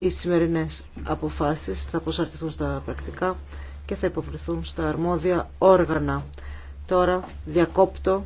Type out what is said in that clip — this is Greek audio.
οι σημερινές αποφάσεις θα προσαρτηθούν στα πρακτικά και θα υποβληθούν στα αρμόδια όργανα. Τώρα διακόπτω.